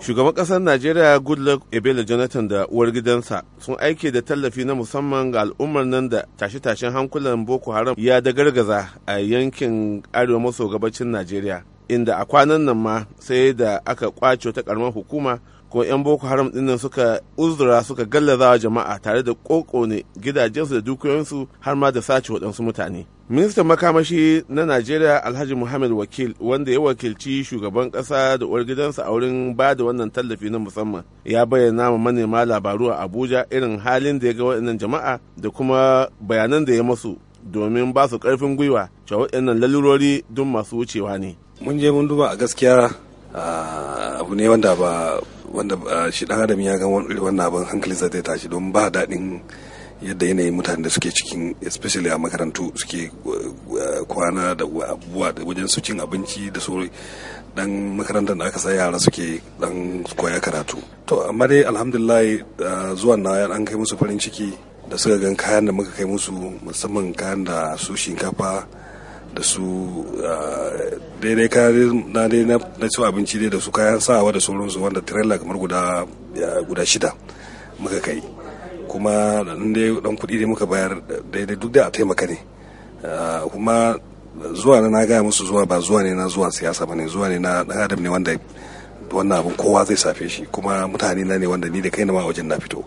shugaban ƙasar najeriya goodluck ebele jonathan da uwar gidansa sun aike da tallafi na musamman ga al'ummar nan da tashe-tashen hankulan boko haram ya da gargaza a yankin arewa maso gabacin najeriya inda a kwanan nan ma sai da aka kwace ta karamar hukuma ko 'yan boko haram dinnan suka uzura suka gallazawa jama'a tare da kokone gidajensu da dukiyoyinsu har ma da sace waɗansu mutane ministan makamashi na najeriya alhaji muhammad wakil wanda ya wakilci shugaban ƙasa da uwar gidansa a wurin ba da wannan tallafi na musamman ya bayyana ma manema labaru a abuja irin halin da ya ga waɗannan jama'a da kuma bayanan da ya masu domin ba su ƙarfin gwiwa cewa waɗannan lalurori don masu wucewa ne mun je mun duba a gaskiya ah, abu ne wanda ba wanda ah, shi dan adam ya ga wannan abin hankali zai zai tashi don ba daɗin yadda yanayin mutane da suke cikin especially a makarantu suke ah, kwana da abubuwa da wajen su cin abinci da sauri dan makarantar da aka sa yara suke dan koya karatu to amma dai alhamdulillah ah, zuwan na an kai musu farin ciki da suka gan kayan da muka kai musu musamman kayan da su shinkafa da su daidai kayan na dai na ci abinci dai da su kayan sawa da sauransu wanda trailer kamar guda guda shida muka kai kuma dai dan kuɗi dai muka bayar daidai duk da a taimaka ne kuma zuwa na na gaya musu zuwa ba zuwa ne na zuwa siyasa ba ne zuwa ne na dan adam ne wanda wannan abin kowa zai safe shi kuma mutane na ne wanda ni da kai na ma wajen na fito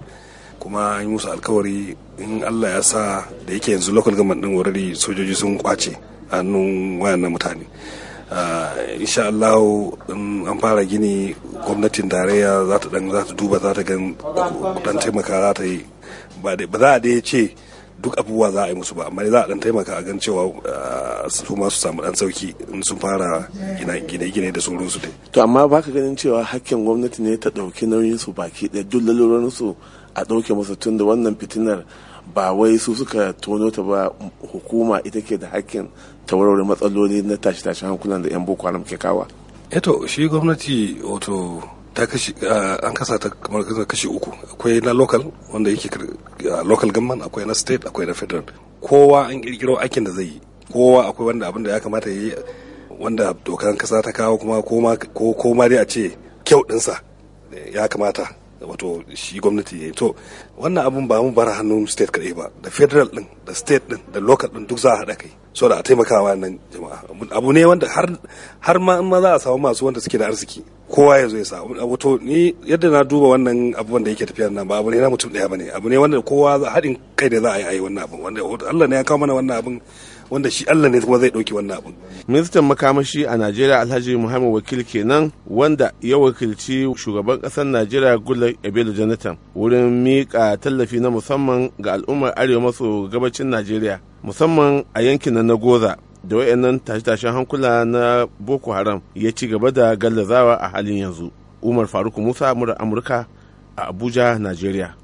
kuma yi musu alkawari in allah ya sa da yake yanzu local government din wurare sojoji sun kwace hannun wayannan mutane ah, insha Allah in an fara gini gwamnatin tarayya za ta za ta duba za ta gan dan taimaka za ta yi ba za a dai ce duk abubuwa za a yi musu ba amma za a dan taimaka a gan cewa ah, su ma su samu dan sauki in sun fara gine-gine da su dai to amma baka ganin cewa hakkin gwamnati ne ta dauki nauyin su baki da duk lalurorin su a dauke musu tun da wannan fitinar ba wai su suka tono ta ba hukuma ita ke da hakkin ta warware matsaloli na tashi-tashi hankulan da 'yan boko haram ke kawa eto eh shi gwamnati wato ta kashi an kasa ta kamar kashi uku akwai na local wanda yake local government akwai na state akwai na federal kowa an kirkiro aikin da zai yi kowa akwai wanda abin da ya kamata ya yi wanda dokar kasa ta kawo kuma ko ma dai a ce kyau dinsa ya kamata wato shi gwamnati ya yi to wannan abun ba mu bar hannun state kaɗai ba da federal din da state din da local din duk za a haɗa kai so da a taimakawa nan jama'a abu ne wanda har har ma za a samu masu wanda suke da arziki kowa ya zo ya samu abu to ni yadda na duba wannan abubuwan da yake tafiya nan ba abu ne na mutum daya bane abu ne wanda kowa haɗin kai da za a yi a yi wannan abun wanda Allah ne ya kawo mana wannan abun wanda shi Allah ne kuma zai ɗauki wannan abun. Ministan makamashi a Najeriya Alhaji Muhammad Wakil kenan wanda ya wakilci shugaban ƙasar Najeriya Goodluck Ebele Jonathan wurin miƙa tallafi na musamman ga al'ummar Arewa maso gabacin Najeriya musamman a yankin na Goza da wayannan tashe-tashen hankula na boko haram ya ci gaba da gallazawa a halin yanzu umar faruk musa murar amurka a abuja nigeria